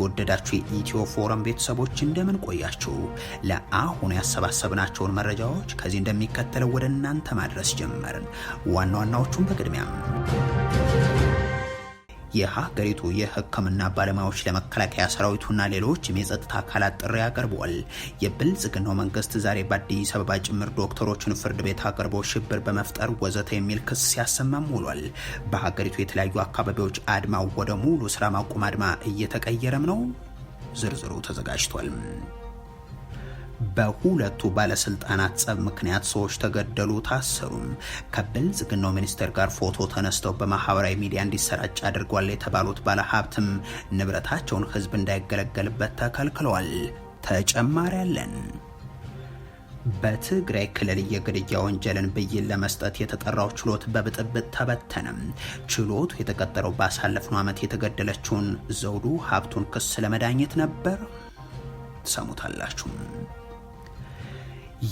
የተወደዳችሁ የኢትዮ ፎረም ቤተሰቦች እንደምን ቆያችሁ? ለአሁኑ ያሰባሰብናቸውን መረጃዎች ከዚህ እንደሚከተለው ወደ እናንተ ማድረስ ጀመርን። ዋና ዋናዎቹን በቅድሚያ የሀገሪቱ የሕክምና ባለሙያዎች ለመከላከያ ሰራዊቱና ሌሎችም የጸጥታ አካላት ጥሪ አቅርበዋል። የብልጽግናው መንግስት ዛሬ በአዲስ አበባ ጭምር ዶክተሮችን ፍርድ ቤት አቅርቦ ሽብር በመፍጠር ወዘተ የሚል ክስ ሲያሰማም ውሏል። በሀገሪቱ የተለያዩ አካባቢዎች አድማው ወደ ሙሉ ስራ ማቆም አድማ እየተቀየረም ነው። ዝርዝሩ ተዘጋጅቷል። በሁለቱ ባለስልጣናት ጸብ ምክንያት ሰዎች ተገደሉ፣ ታሰሩም። ከብልጽግናው ሚኒስቴር ጋር ፎቶ ተነስተው በማህበራዊ ሚዲያ እንዲሰራጭ አድርጓል የተባሉት ባለሀብትም ንብረታቸውን ህዝብ እንዳይገለገልበት ተከልክለዋል። ተጨማሪ አለን። በትግራይ ክልል የግድያ ወንጀልን ብይን ለመስጠት የተጠራው ችሎት በብጥብጥ ተበተነም። ችሎቱ የተቀጠረው ባሳለፍነው ዓመት የተገደለችውን ዘውዱ ሀብቱን ክስ ለመዳኘት ነበር። ሰሙታላችሁ።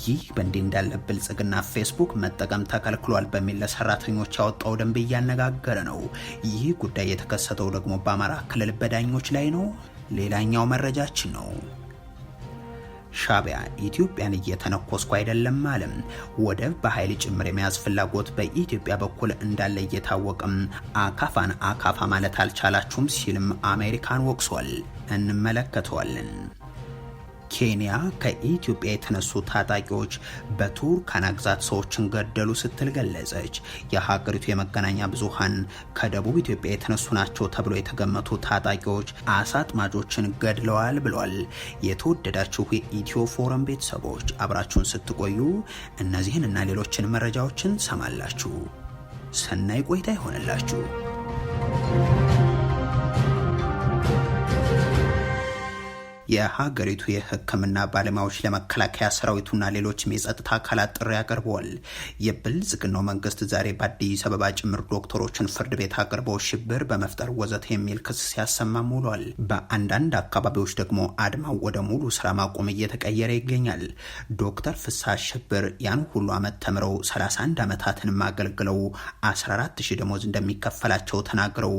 ይህ በእንዲህ እንዳለ ብልጽግና ፌስቡክ መጠቀም ተከልክሏል በሚል ለሰራተኞች ያወጣው ደንብ እያነጋገረ ነው። ይህ ጉዳይ የተከሰተው ደግሞ በአማራ ክልል በዳኞች ላይ ነው። ሌላኛው መረጃችን ነው። ሻቢያ ኢትዮጵያን እየተነኮስኩ አይደለም አለም። ወደብ በኃይል ጭምር የመያዝ ፍላጎት በኢትዮጵያ በኩል እንዳለ እየታወቀም አካፋን አካፋ ማለት አልቻላችሁም ሲልም አሜሪካን ወቅሷል። እንመለከተዋለን። ኬንያ ከኢትዮጵያ የተነሱ ታጣቂዎች በቱርካና ግዛት ሰዎችን ገደሉ ስትል ገለጸች። የሀገሪቱ የመገናኛ ብዙሃን ከደቡብ ኢትዮጵያ የተነሱ ናቸው ተብሎ የተገመቱ ታጣቂዎች አሳ አጥማጆችን ገድለዋል ብሏል። የተወደዳችሁ የኢትዮ ፎረም ቤተሰቦች አብራችሁን ስትቆዩ እነዚህን እና ሌሎችን መረጃዎችን ሰማላችሁ። ሰናይ ቆይታ ይሆንላችሁ። የሀገሪቱ የሕክምና ባለሙያዎች ለመከላከያ ሰራዊቱና ሌሎችም የጸጥታ አካላት ጥሪ አቅርበዋል። የብልጽግናው መንግስት ዛሬ በአዲስ አበባ ጭምር ዶክተሮችን ፍርድ ቤት አቅርበው ሽብር በመፍጠር ወዘተ የሚል ክስ ሲያሰማ ውሏል። በአንዳንድ አካባቢዎች ደግሞ አድማው ወደ ሙሉ ስራ ማቆም እየተቀየረ ይገኛል። ዶክተር ፍሳ ሽብር ያን ሁሉ አመት ተምረው 31 ዓመታትንም አገልግለው 14 ደሞዝ እንደሚከፈላቸው ተናግረው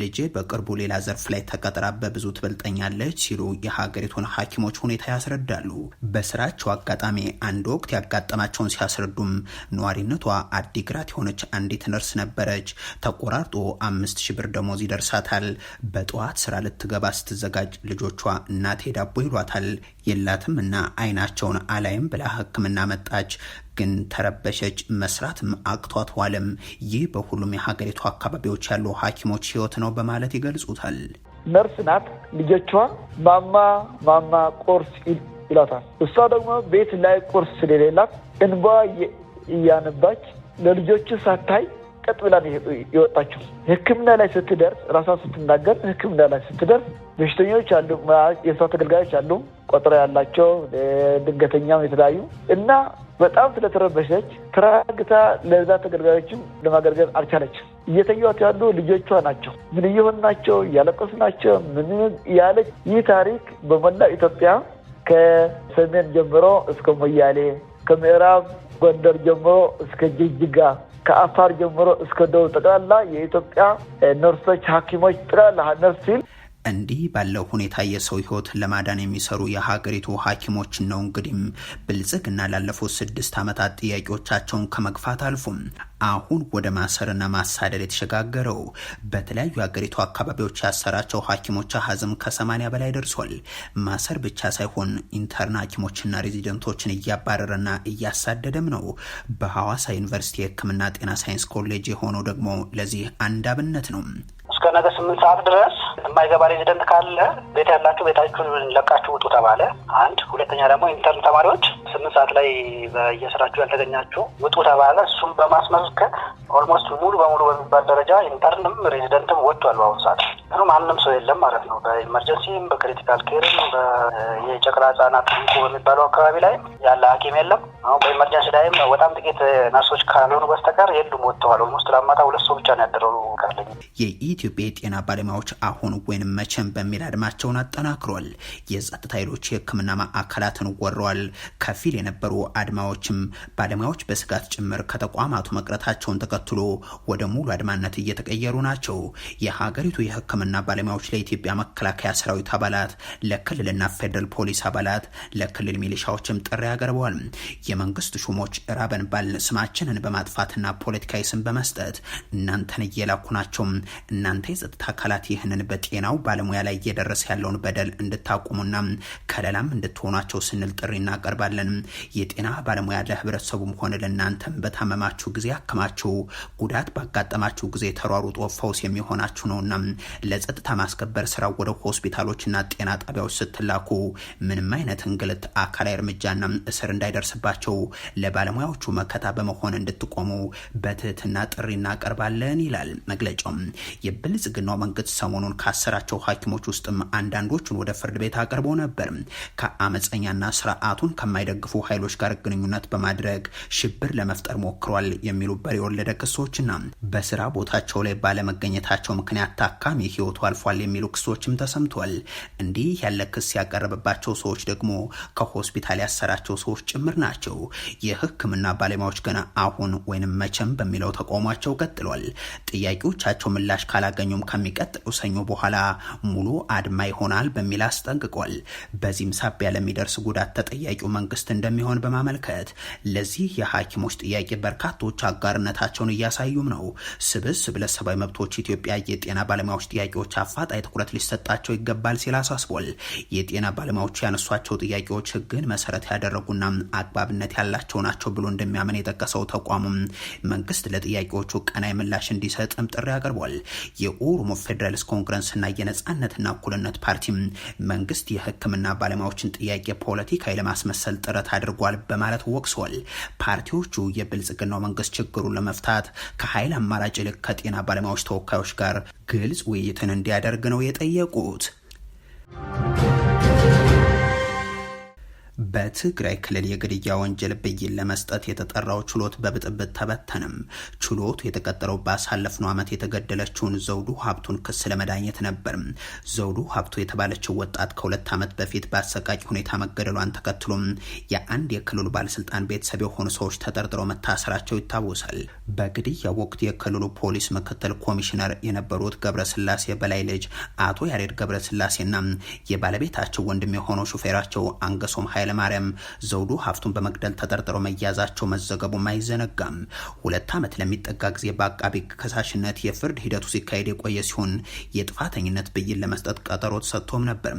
ልጄ በቅርቡ ሌላ ዘርፍ ላይ ተቀጥራ በብዙ ትበልጠኛለች ሲሉ የሀገ የሀገሪቱን ሐኪሞች ሁኔታ ያስረዳሉ። በስራቸው አጋጣሚ አንድ ወቅት ያጋጠማቸውን ሲያስረዱም ነዋሪነቷ አዲግራት የሆነች አንዲት ነርስ ነበረች። ተቆራርጦ አምስት ሺ ብር ደሞዝ ይደርሳታል። በጠዋት ስራ ልትገባ ስትዘጋጅ ልጆቿ እናቴ ዳቦ ይሏታል የላትም እና አይናቸውን አላይም ብላ ህክምና መጣች። ግን ተረበሸች። መስራትም አቅቷት ዋለም። ይህ በሁሉም የሀገሪቱ አካባቢዎች ያሉ ሐኪሞች ህይወት ነው በማለት ይገልጹታል። ነርስ ናት። ልጆቿ ማማ ማማ ቁርስ ይላታል። እሷ ደግሞ ቤት ላይ ቁርስ ስለሌላት እንባ እያነባች ለልጆቹ ሳታይ ቀጥ ብላ የወጣችው። ሕክምና ላይ ስትደርስ ራሷ ስትናገር ሕክምና ላይ ስትደርስ በሽተኞች አሉ፣ የእሷ ተገልጋዮች አሉ፣ ቆጥሮ ያላቸው ድንገተኛም የተለያዩ እና በጣም ስለተረበሸች ተራግታ ለዛ ተገልጋዮችን ለማገልገል አልቻለች። እየተዩት ያሉ ልጆቿ ናቸው። ምን እየሆን ናቸው? እያለቀሱ ናቸው። ምን ያለች። ይህ ታሪክ በመላ ኢትዮጵያ ከሰሜን ጀምሮ እስከ ሞያሌ፣ ከምዕራብ ጎንደር ጀምሮ እስከ ጅጅጋ፣ ከአፋር ጀምሮ እስከ ደቡብ ጠቅላላ የኢትዮጵያ ነርሶች፣ ሐኪሞች ጠቅላላ ነርስ ሲል እንዲህ ባለው ሁኔታ የሰው ህይወት ለማዳን የሚሰሩ የሀገሪቱ ሐኪሞችን ነው እንግዲህም ብልጽግና ላለፉት ስድስት ዓመታት ጥያቄዎቻቸውን ከመግፋት አልፉም አሁን ወደ ማሰርና ማሳደድ የተሸጋገረው በተለያዩ የሀገሪቱ አካባቢዎች ያሰራቸው ሐኪሞች አሀዝም ከሰማኒያ በላይ ደርሷል። ማሰር ብቻ ሳይሆን ኢንተርን ሐኪሞችና ሬዚደንቶችን እያባረረና እያሳደደም ነው። በሐዋሳ ዩኒቨርሲቲ የህክምና ጤና ሳይንስ ኮሌጅ የሆነው ደግሞ ለዚህ አንድ አብነት ነው። እስከ ነገ ስምንት ሰዓት ድረስ የማይገባ ሬዚደንት ካለ ቤት ያላችሁ ቤታችሁን ለቃችሁ ውጡ ተባለ። አንድ ሁለተኛ ደግሞ ኢንተርን ተማሪዎች ስምንት ሰዓት ላይ በየስራችሁ ያልተገኛችሁ ውጡ ተባለ። እሱም በማስመልከት ኦልሞስት ሙሉ በሙሉ በሚባል ደረጃ ኢንተርንም ሬዚደንትም ወጥቷል። በአሁኑ ሰዓት ማንም ሰው የለም ማለት ነው። በኢመርጀንሲም በክሪቲካል ኬርም የጨቅላ ህጻናት በሚባለው አካባቢ ላይ ያለ ሐኪም የለም። አሁን በኢመርጀንሲ ላይም በጣም ጥቂት ነርሶች ካልሆኑ በስተቀር የሉም፣ ወጥተዋል። ኦልሞስት ለአማታ ሁለት ሰው ብቻ ነው ያደረው ካለኝ የኢትዮጵያ የጤና ባለሙያዎች አሁን ወይም መቼም በሚል አድማቸውን አጠናክሯል። የጸጥታ ኃይሎች የህክምና ማዕከላትን ወረዋል። ከፊል የነበሩ አድማዎችም ባለሙያዎች በስጋት ጭምር ከተቋማቱ መቅረታቸውን ተከትሎ ወደ ሙሉ አድማነት እየተቀየሩ ናቸው። የሀገሪቱ የህክምና ባለሙያዎች ለኢትዮጵያ መከላከያ ሰራዊት አባላት፣ ለክልልና ፌዴራል ፖሊስ አባላት፣ ለክልል ሚሊሻዎችም ጥሪ ያቀርበዋል። የመንግስት ሹሞች ራበን ባል ስማችንን በማጥፋትና ፖለቲካዊ ስም በመስጠት እናንተን እየላኩ ናቸው እናንተ የጸጥታ አካላት ይህንን በጤናው ባለሙያ ላይ እየደረሰ ያለውን በደል እንድታቁሙና ከለላም እንድትሆኗቸው ስንል ጥሪ እናቀርባለን። የጤና ባለሙያ ለህብረተሰቡም ሆነ ለእናንተም በታመማችሁ ጊዜ አክማችሁ ጉዳት ባጋጠማችሁ ጊዜ ተሯሩጦ ፈውስ የሚሆናችሁ ነውና ለጸጥታ ማስከበር ስራ ወደ ሆስፒታሎችና ጤና ጣቢያዎች ስትላኩ ምንም አይነት እንግልት፣ አካላዊ እርምጃና እስር እንዳይደርስባቸው ለባለሙያዎቹ መከታ በመሆን እንድትቆሙ በትህትና ጥሪ እናቀርባለን ይላል መግለጫው። ብልጽግናው መንግስት ሰሞኑን ካሰራቸው ሐኪሞች ውስጥም አንዳንዶቹን ወደ ፍርድ ቤት አቅርቦ ነበር። ከአመፀኛና ስርዓቱን ከማይደግፉ ኃይሎች ጋር ግንኙነት በማድረግ ሽብር ለመፍጠር ሞክሯል የሚሉ በር የወለደ ክሶችና በስራ ቦታቸው ላይ ባለመገኘታቸው ምክንያት ታካሚ ህይወቱ አልፏል የሚሉ ክሶችም ተሰምቷል። እንዲህ ያለ ክስ ያቀረበባቸው ሰዎች ደግሞ ከሆስፒታል ያሰራቸው ሰዎች ጭምር ናቸው። የህክምና ባለሙያዎች ገና አሁን ወይንም መቼም በሚለው ተቃውሟቸው ቀጥሏል። ጥያቄዎቻቸው ምላሽ ካላ ሳታገኙም ከሚቀጥለው ሰኞ በኋላ ሙሉ አድማ ይሆናል በሚል አስጠንቅቋል። በዚህም ሳቢያ ለሚደርስ ጉዳት ተጠያቂው መንግስት እንደሚሆን በማመልከት ለዚህ የሐኪሞች ጥያቄ በርካቶች አጋርነታቸውን እያሳዩም ነው። ስብስብ ለሰብአዊ መብቶች ኢትዮጵያ የጤና ባለሙያዎች ጥያቄዎች አፋጣኝ ትኩረት ሊሰጣቸው ይገባል ሲል አሳስቧል። የጤና ባለሙያዎቹ ያነሷቸው ጥያቄዎች ህግን መሰረት ያደረጉና አግባብነት ያላቸው ናቸው ብሎ እንደሚያምን የጠቀሰው ተቋሙም መንግስት ለጥያቄዎቹ ቀናይ ምላሽ እንዲሰጥም ጥሪ አቅርቧል። የኦሮሞ ፌዴራልስ ኮንግረስና የነጻነትና እኩልነት ፓርቲ መንግስት የህክምና ባለሙያዎችን ጥያቄ ፖለቲካዊ ለማስመሰል ጥረት አድርጓል በማለት ወቅሷል። ፓርቲዎቹ የብልጽግናው መንግስት ችግሩን ለመፍታት ከኃይል አማራጭ ይልቅ ከጤና ባለሙያዎች ተወካዮች ጋር ግልጽ ውይይትን እንዲያደርግ ነው የጠየቁት። በትግራይ ክልል የግድያ ወንጀል ብይን ለመስጠት የተጠራው ችሎት በብጥብጥ ተበተንም። ችሎቱ የተቀጠረው ባሳለፍነው ዓመት የተገደለችውን ዘውዱ ሀብቱን ክስ ለመዳኘት ነበር። ዘውዱ ሀብቱ የተባለችው ወጣት ከሁለት ዓመት በፊት በአሰቃቂ ሁኔታ መገደሏን ተከትሎም የአንድ የክልሉ ባለስልጣን ቤተሰብ የሆኑ ሰዎች ተጠርጥረው መታሰራቸው ይታወሳል። በግድያው ወቅት የክልሉ ፖሊስ ምክትል ኮሚሽነር የነበሩት ገብረስላሴ በላይ ልጅ አቶ ያሬድ ገብረስላሴና የባለቤታቸው ወንድም የሆነው ሹፌራቸው አንገሶም ኃይለማርያም ዘውዱ ሀፍቱን በመግደል ተጠርጥረው መያዛቸው መዘገቡም አይዘነጋም። ሁለት ዓመት ለሚጠጋ ጊዜ በአቃቢ ከሳሽነት የፍርድ ሂደቱ ሲካሄድ የቆየ ሲሆን የጥፋተኝነት ብይን ለመስጠት ቀጠሮ ተሰጥቶም ነበር።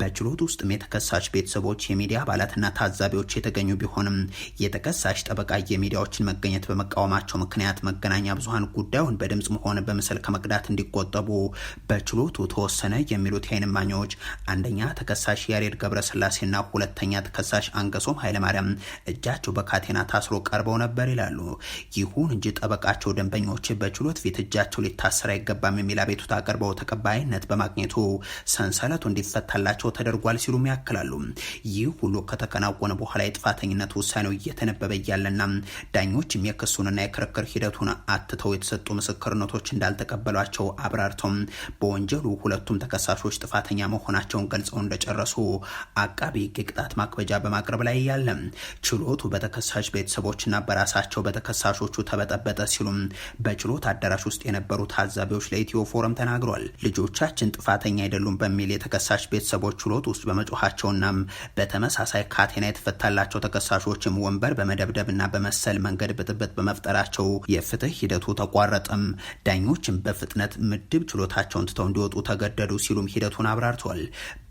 በችሎት ውስጥም የተከሳሽ ቤተሰቦች፣ የሚዲያ አባላትና ታዛቢዎች የተገኙ ቢሆንም የተከሳሽ ጠበቃ የሚዲያዎችን መገኘት በመቃወማቸው ምክንያት መገናኛ ብዙሀን ጉዳዩን በድምፅም ሆነ በምስል ከመቅዳት እንዲቆጠቡ በችሎቱ ተወሰነ የሚሉት የአይን እማኞች አንደኛ ተከሳሽ ያሬድ ገብረስላሴና ሁለተኛ ምክንያት ከሳሽ አንገሶም ኃይለማርያም እጃቸው በካቴና ታስሮ ቀርበው ነበር ይላሉ። ይሁን እንጂ ጠበቃቸው ደንበኞች በችሎት ፊት እጃቸው ሊታሰር አይገባም የሚል አቤቱታ አቅርበው ተቀባይነት በማግኘቱ ሰንሰለቱ እንዲፈታላቸው ተደርጓል ሲሉም ያክላሉ። ይህ ሁሉ ከተከናወነ በኋላ የጥፋተኝነት ውሳኔው እየተነበበ እያለና ዳኞችም የክሱንና የክርክር ሂደቱን አትተው የተሰጡ ምስክርነቶች እንዳልተቀበሏቸው አብራርተው በወንጀሉ ሁለቱም ተከሳሾች ጥፋተኛ መሆናቸውን ገልጸው እንደጨረሱ አቃቢ ቅጣት የቅጣት ማክበጃ በማቅረብ ላይ እያለ ችሎቱ በተከሳሽ ቤተሰቦችና በራሳቸው በተከሳሾቹ ተበጠበጠ ሲሉም በችሎት አዳራሽ ውስጥ የነበሩ ታዛቢዎች ለኢትዮ ፎረም ተናግሯል። ልጆቻችን ጥፋተኛ አይደሉም በሚል የተከሳሽ ቤተሰቦች ችሎት ውስጥ በመጮኋቸውና በተመሳሳይ ካቴና የተፈታላቸው ተከሳሾችም ወንበር በመደብደብና በመሰል መንገድ ብጥብጥ በመፍጠራቸው የፍትህ ሂደቱ ተቋረጠም፣ ዳኞችም በፍጥነት ምድብ ችሎታቸውን ትተው እንዲወጡ ተገደዱ ሲሉም ሂደቱን አብራርቷል።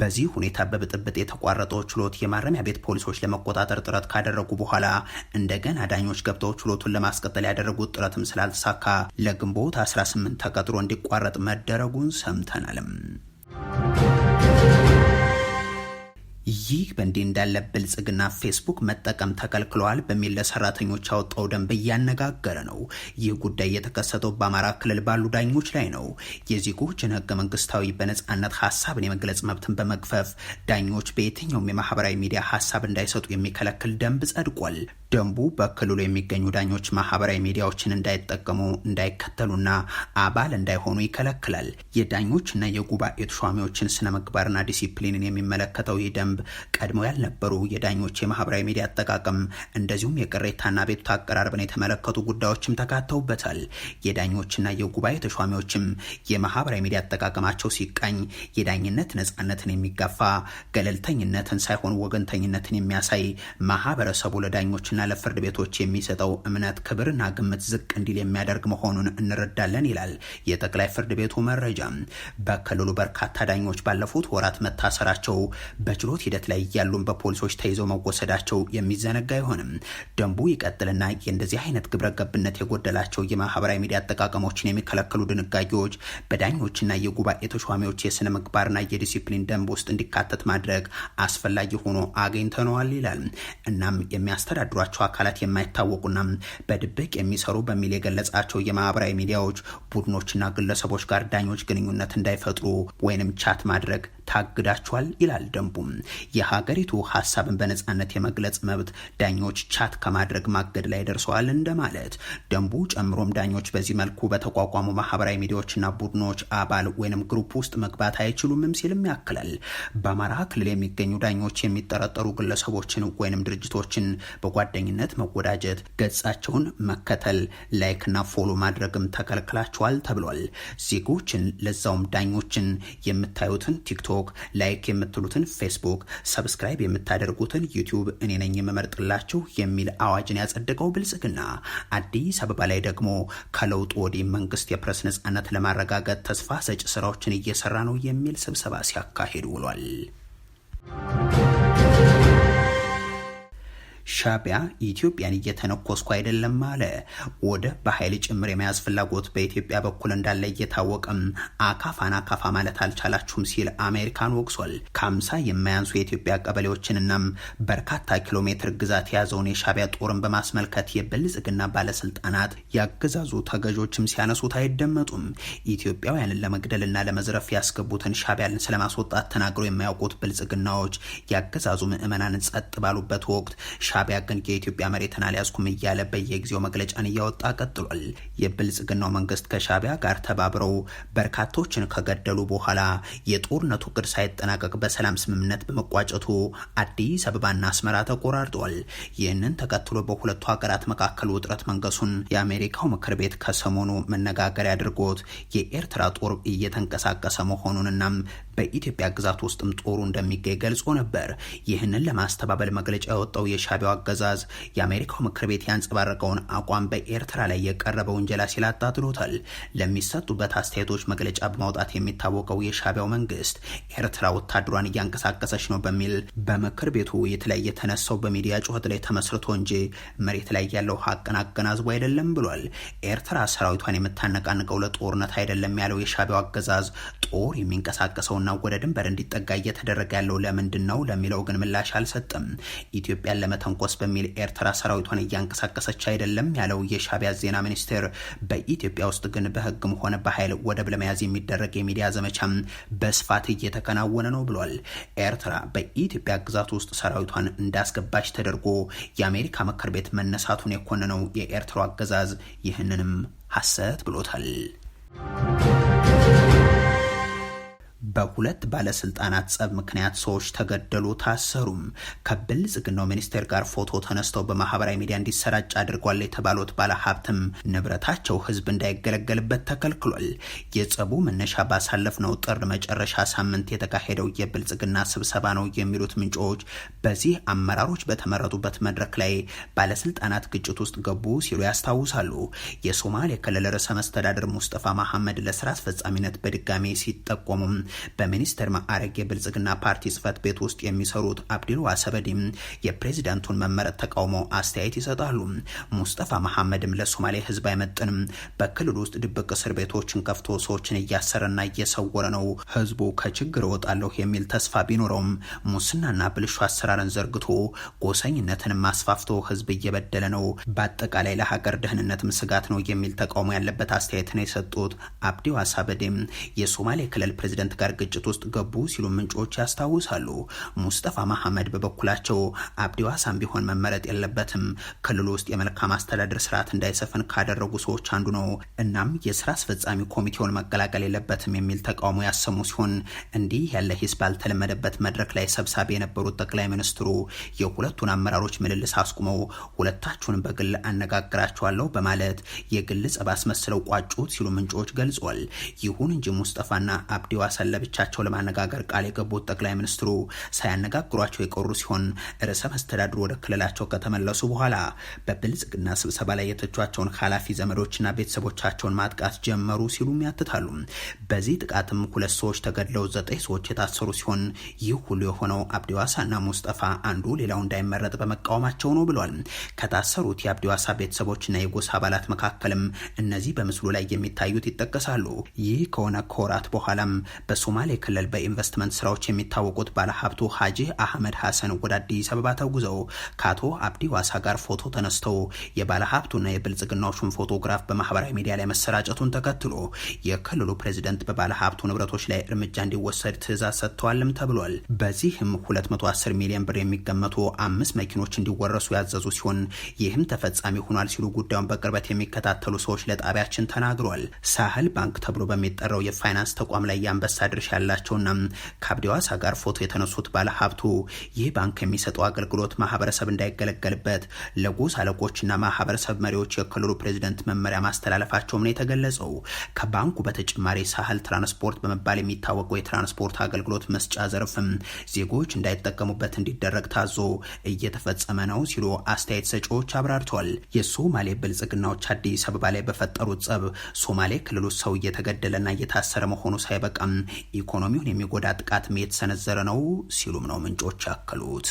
በዚህ ሁኔታ በብጥብጥ የተቋረጠው ችሎት የማረ ማረሚያ ቤት ፖሊሶች ለመቆጣጠር ጥረት ካደረጉ በኋላ እንደገና ዳኞች ገብተው ችሎቱን ለማስቀጠል ያደረጉት ጥረትም ስላልተሳካ ለግንቦት 18 ተቀጥሮ እንዲቋረጥ መደረጉን ሰምተናልም። ይህ በእንዲህ እንዳለ ብልጽግና ፌስቡክ መጠቀም ተከልክለዋል በሚል ለሰራተኞች ያወጣው ደንብ እያነጋገረ ነው። ይህ ጉዳይ የተከሰተው በአማራ ክልል ባሉ ዳኞች ላይ ነው። የዜጎችን ህገ መንግስታዊ በነጻነት ሀሳብን የመግለጽ መብትን በመግፈፍ ዳኞች በየትኛውም የማህበራዊ ሚዲያ ሀሳብ እንዳይሰጡ የሚከለክል ደንብ ጸድቋል። ደንቡ በክልሉ የሚገኙ ዳኞች ማህበራዊ ሚዲያዎችን እንዳይጠቀሙ፣ እንዳይከተሉና አባል እንዳይሆኑ ይከለክላል። የዳኞችና የጉባኤ ተሿሚዎችን ስነ ምግባርና ዲሲፕሊንን የሚመለከተው ይህ ደንብ ደንብ ቀድሞ ያልነበሩ የዳኞች የማህበራዊ ሚዲያ አጠቃቀም እንደዚሁም የቅሬታና ቤቱት አቀራረብን የተመለከቱ ጉዳዮችም ተካተውበታል። የዳኞችና የጉባኤ ተሿሚዎችም የማህበራዊ ሚዲያ አጠቃቀማቸው ሲቃኝ የዳኝነት ነጻነትን የሚጋፋ ገለልተኝነትን ሳይሆን ወገንተኝነትን የሚያሳይ ማህበረሰቡ ለዳኞችና ለፍርድ ቤቶች የሚሰጠው እምነት ክብርና ግምት ዝቅ እንዲል የሚያደርግ መሆኑን እንረዳለን ይላል የጠቅላይ ፍርድ ቤቱ መረጃ። በክልሉ በርካታ ዳኞች ባለፉት ወራት መታሰራቸው በችሎት ሂደት ላይ ያሉን በፖሊሶች ተይዘው መወሰዳቸው የሚዘነጋ አይሆንም። ደንቡ ይቀጥልና የእንደዚህ አይነት ግብረ ገብነት የጎደላቸው የማህበራዊ ሚዲያ አጠቃቀሞችን የሚከለከሉ ድንጋጌዎች በዳኞችና የጉባኤ ተሿሚዎች የስነ ምግባርና የዲሲፕሊን ደንብ ውስጥ እንዲካተት ማድረግ አስፈላጊ ሆኖ አግኝተነዋል ይላል። እናም የሚያስተዳድሯቸው አካላት የማይታወቁና በድብቅ የሚሰሩ በሚል የገለጻቸው የማህበራዊ ሚዲያዎች ቡድኖችና ግለሰቦች ጋር ዳኞች ግንኙነት እንዳይፈጥሩ ወይንም ቻት ማድረግ ታግዳችኋል ይላል ደንቡም። የሀገሪቱ ሀሳብን በነጻነት የመግለጽ መብት ዳኞች ቻት ከማድረግ ማገድ ላይ ደርሰዋል እንደማለት። ደንቡ ጨምሮም ዳኞች በዚህ መልኩ በተቋቋሙ ማህበራዊ ሚዲያዎችና ቡድኖች አባል ወይንም ግሩፕ ውስጥ መግባት አይችሉምም ሲልም ያክላል። በአማራ ክልል የሚገኙ ዳኞች የሚጠረጠሩ ግለሰቦችን ወይንም ድርጅቶችን በጓደኝነት መወዳጀት፣ ገጻቸውን መከተል፣ ላይክና ፎሎ ማድረግም ተከልክላቸዋል ተብሏል። ዜጎችን ለዛውም ዳኞችን የምታዩትን ቲክቶክ ቲክቶክ፣ ላይክ የምትሉትን ፌስቡክ፣ ሰብስክራይብ የምታደርጉትን ዩቲዩብ እኔ ነኝ የምመርጥላችሁ የሚል አዋጅን ያጸደቀው ብልጽግና አዲስ አበባ ላይ ደግሞ ከለውጡ ወዲህ መንግስት የፕረስ ነጻነት ለማረጋገጥ ተስፋ ሰጭ ስራዎችን እየሰራ ነው የሚል ስብሰባ ሲያካሂድ ውሏል። ሻቢያ ኢትዮጵያን እየተነኮስኩ አይደለም አለ። ወደ በኃይል ጭምር የመያዝ ፍላጎት በኢትዮጵያ በኩል እንዳለ እየታወቀም አካፋን አካፋ ማለት አልቻላችሁም ሲል አሜሪካን ወቅሷል። ከአምሳ የማያንሱ የኢትዮጵያ ቀበሌዎችንናም በርካታ ኪሎ ሜትር ግዛት የያዘውን የሻቢያ ጦርን በማስመልከት የብልጽግና ባለስልጣናት ያገዛዙ ተገዦችም ሲያነሱት አይደመጡም። ኢትዮጵያውያንን ለመግደልና ለመዝረፍ ያስገቡትን ሻዕቢያን ስለማስወጣት ተናግረው የማያውቁት ብልጽግናዎች ያገዛዙ ምዕመናን ጸጥ ባሉበት ወቅት ሻቢያ ግን የኢትዮጵያ መሬትን አልያዝኩም እያለ በየጊዜው መግለጫን እያወጣ ቀጥሏል። የብልጽግናው መንግስት ከሻቢያ ጋር ተባብረው በርካቶችን ከገደሉ በኋላ የጦርነቱ እቅድ ሳይጠናቀቅ በሰላም ስምምነት በመቋጨቱ አዲስ አበባና አስመራ ተቆራርጧል። ይህንን ተከትሎ በሁለቱ ሀገራት መካከል ውጥረት መንገሱን የአሜሪካው ምክር ቤት ከሰሞኑ መነጋገሪያ አድርጎት የኤርትራ ጦር እየተንቀሳቀሰ መሆኑንና በኢትዮጵያ ግዛት ውስጥም ጦሩ እንደሚገኝ ገልጾ ነበር። ይህንን ለማስተባበል መግለጫ የወጣው የሻቢያው አገዛዝ የአሜሪካው ምክር ቤት ያንጸባረቀውን አቋም በኤርትራ ላይ የቀረበ ውንጀላ ሲል አጣጥሎታል። ለሚሰጡበት አስተያየቶች መግለጫ በማውጣት የሚታወቀው የሻቢያው መንግስት ኤርትራ ወታደሯን እያንቀሳቀሰች ነው በሚል በምክር ቤቱ ውይይት ላይ የተነሳው በሚዲያ ጩኸት ላይ ተመስርቶ እንጂ መሬት ላይ ያለው ሀቅን አገናዝቦ አይደለም ብሏል። ኤርትራ ሰራዊቷን የምታነቃንቀው ለጦርነት አይደለም ያለው የሻቢያው አገዛዝ ጦር የሚንቀሳቀሰው ና ወደ ድንበር እንዲጠጋ እየተደረገ ያለው ለምንድን ነው ለሚለው ግን ምላሽ አልሰጥም። ኢትዮጵያን ለመተንኮስ በሚል ኤርትራ ሰራዊቷን እያንቀሳቀሰች አይደለም ያለው የሻቢያ ዜና ሚኒስቴር በኢትዮጵያ ውስጥ ግን በህግም ሆነ በኃይል ወደብ ለመያዝ የሚደረግ የሚዲያ ዘመቻ በስፋት እየተከናወነ ነው ብሏል። ኤርትራ በኢትዮጵያ ግዛት ውስጥ ሰራዊቷን እንዳስገባች ተደርጎ የአሜሪካ ምክር ቤት መነሳቱን የኮነነው የኤርትራው አገዛዝ ይህንንም ሐሰት ብሎታል። በሁለት ባለስልጣናት ጸብ ምክንያት ሰዎች ተገደሉ፣ ታሰሩም። ከብልጽግናው ሚኒስቴር ጋር ፎቶ ተነስተው በማህበራዊ ሚዲያ እንዲሰራጭ አድርጓል የተባሉት ባለሀብትም ንብረታቸው ህዝብ እንዳይገለገልበት ተከልክሏል። የጸቡ መነሻ ባሳለፍነው ጥር መጨረሻ ሳምንት የተካሄደው የብልጽግና ስብሰባ ነው የሚሉት ምንጮች በዚህ አመራሮች በተመረጡበት መድረክ ላይ ባለስልጣናት ግጭት ውስጥ ገቡ ሲሉ ያስታውሳሉ። የሶማሌ ክልል ርዕሰ መስተዳድር ሙስጠፋ መሐመድ ለስራ አስፈጻሚነት በድጋሜ ሲጠቆሙም በሚኒስትር ማዕረግ የብልጽግና ፓርቲ ጽህፈት ቤት ውስጥ የሚሰሩት ዋሰበዲም የፕሬዚዳንቱን መመረጥ ተቃውሞ አስተያየት ይሰጣሉ። ሙስጠፋ መሐመድም ለሶማሌ ህዝብ አይመጥንም፣ በክልል ውስጥ ድብቅ እስር ቤቶችን ከፍቶ ሰዎችን እያሰረና እየሰወረ ነው፣ ህዝቡ ከችግር እወጣለሁ የሚል ተስፋ ቢኖረውም ሙስናና ብልሹ አሰራርን ዘርግቶ ጎሰኝነትን ማስፋፍቶ ህዝብ እየበደለ ነው፣ በአጠቃላይ ለሀገር ደህንነትም ስጋት ነው የሚል ተቃውሞ ያለበት አስተያየት ነው የሰጡት። ዋሳበዴም የሶማሌ ክልል ፕሬዚደንት ጋር ግጭት ውስጥ ገቡ ሲሉ ምንጮች ያስታውሳሉ። ሙስጠፋ መሐመድ በበኩላቸው አብዲ ዋሳም ቢሆን መመረጥ የለበትም ክልሉ ውስጥ የመልካም አስተዳደር ስርዓት እንዳይሰፍን ካደረጉ ሰዎች አንዱ ነው። እናም የስራ አስፈጻሚ ኮሚቴውን መቀላቀል የለበትም የሚል ተቃውሞ ያሰሙ ሲሆን እንዲህ ያለ ሂስ ባልተለመደበት መድረክ ላይ ሰብሳቢ የነበሩት ጠቅላይ ሚኒስትሩ የሁለቱን አመራሮች ምልልስ አስቁመው ሁለታችሁን በግል አነጋግራቸዋለሁ በማለት የግል ጸብ አስመስለው ቋጩት ሲሉ ምንጮች ገልጿል። ይሁን እንጂ ሙስጠፋና አብዲ ዋሳ ለብቻቸው ለማነጋገር ቃል የገቡት ጠቅላይ ሚኒስትሩ ሳያነጋግሯቸው የቆሩ ሲሆን ርዕሰ መስተዳድሩ ወደ ክልላቸው ከተመለሱ በኋላ በብልጽግና ስብሰባ ላይ የተቿቸውን ኃላፊ ዘመዶችና ቤተሰቦቻቸውን ማጥቃት ጀመሩ ሲሉም ያትታሉ። በዚህ ጥቃትም ሁለት ሰዎች ተገድለው ዘጠኝ ሰዎች የታሰሩ ሲሆን ይህ ሁሉ የሆነው አብዲዋሳና ሙስጠፋ አንዱ ሌላው እንዳይመረጥ በመቃወማቸው ነው ብሏል። ከታሰሩት የአብዲዋሳ ቤተሰቦችና የጎሳ አባላት መካከልም እነዚህ በምስሉ ላይ የሚታዩት ይጠቀሳሉ። ይህ ከሆነ ከወራት በኋላም በሶማሌ ክልል በኢንቨስትመንት ስራዎች የሚታወቁት ባለሀብቱ ሀጂ አህመድ ሀሰን ወደ አዲስ አበባ ተጉዘው ከአቶ አብዲ ዋሳ ጋር ፎቶ ተነስተው የባለሀብቱና የብልጽግናዎቹን ፎቶግራፍ በማህበራዊ ሚዲያ ላይ መሰራጨቱን ተከትሎ የክልሉ ፕሬዚደንት በባለሀብቱ ንብረቶች ላይ እርምጃ እንዲወሰድ ትእዛዝ ሰጥተዋልም ተብሏል። በዚህም 210 ሚሊዮን ብር የሚገመቱ አምስት መኪኖች እንዲወረሱ ያዘዙ ሲሆን ይህም ተፈጻሚ ሆኗል ሲሉ ጉዳዩን በቅርበት የሚከታተሉ ሰዎች ለጣቢያችን ተናግሯል። ሳህል ባንክ ተብሎ በሚጠራው የፋይናንስ ተቋም ላይ የአንበሳ ድርሻ ያላቸውና ከአብዲ ዋሳ ጋር ፎቶ የተነሱት ባለሀብቱ ይህ ባንክ የሚሰጠው አገልግሎት ማህበረሰብ እንዳይገለገልበት ለጎሳ አለቆችና ማህበረሰብ መሪዎች የክልሉ ፕሬዚደንት መመሪያ ማስተላለፋቸውም ነው የተገለጸው። ከባንኩ በተጨማሪ ሳህል ትራንስፖርት በመባል የሚታወቀው የትራንስፖርት አገልግሎት መስጫ ዘርፍም ዜጎች እንዳይጠቀሙበት እንዲደረግ ታዞ እየተፈጸመ ነው ሲሉ አስተያየት ሰጪዎች አብራርተዋል። የሶማሌ ብልጽግናዎች አዲስ አበባ ላይ በፈጠሩት ጸብ ሶማሌ ክልሉ ሰው እየተገደለና እየታሰረ መሆኑ ሳይበቃም ኢኮኖሚውን የሚጎዳ ጥቃትም የተሰነዘረ ነው ሲሉም ነው ምንጮች ያከሉት።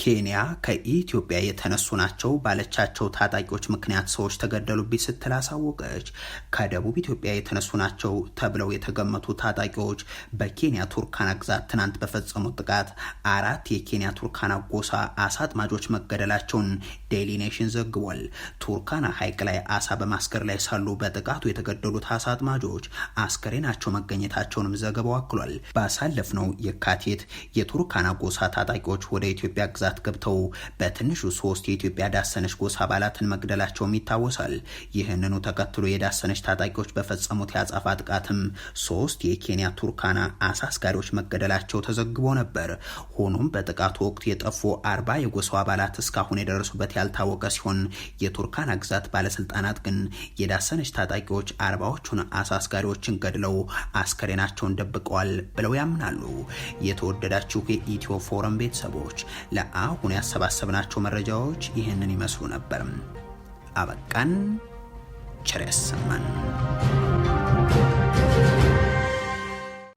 ኬንያ ከኢትዮጵያ የተነሱ ናቸው ባለቻቸው ታጣቂዎች ምክንያት ሰዎች ተገደሉብኝ ስትል አሳወቀች። ከደቡብ ኢትዮጵያ የተነሱ ናቸው ተብለው የተገመቱ ታጣቂዎች በኬንያ ቱርካና ግዛት ትናንት በፈጸሙት ጥቃት አራት የኬንያ ቱርካና ጎሳ አሳ አጥማጆች መገደላቸውን ዴሊ ኔሽን ዘግቧል። ቱርካና ሐይቅ ላይ አሳ በማስገር ላይ ሳሉ በጥቃቱ የተገደሉት አሳ አጥማጆች አስከሬናቸው መገኘታቸውንም ዘገባው አክሏል። ባሳለፍነው የካቲት የቱርካና ጎሳ ታጣቂዎች ወደ ኢትዮጵያ ግዛት ገብተው በትንሹ ሶስት የኢትዮጵያ ዳሰነች ጎሳ አባላትን መግደላቸውም ይታወሳል። ይህንኑ ተከትሎ የዳሰነች ታጣቂዎች በፈጸሙት የአጻፋ ጥቃትም ሶስት የኬንያ ቱርካና አሳ አስጋሪዎች መገደላቸው ተዘግቦ ነበር። ሆኖም በጥቃቱ ወቅት የጠፉ አርባ የጎሳው አባላት እስካሁን የደረሱበት ያልታወቀ ሲሆን የቱርካና ግዛት ባለስልጣናት ግን የዳሰነች ታጣቂዎች አርባዎቹን አሳ አስጋሪዎችን ገድለው አስከሬናቸውን ደብቀዋል ብለው ያምናሉ። የተወደዳችሁ የኢትዮ ፎረም ቤተሰቦች ለአሁን ያሰባሰብናቸው መረጃዎች ይህንን ይመስሉ ነበር። አበቃን። ቸር ያሰማን።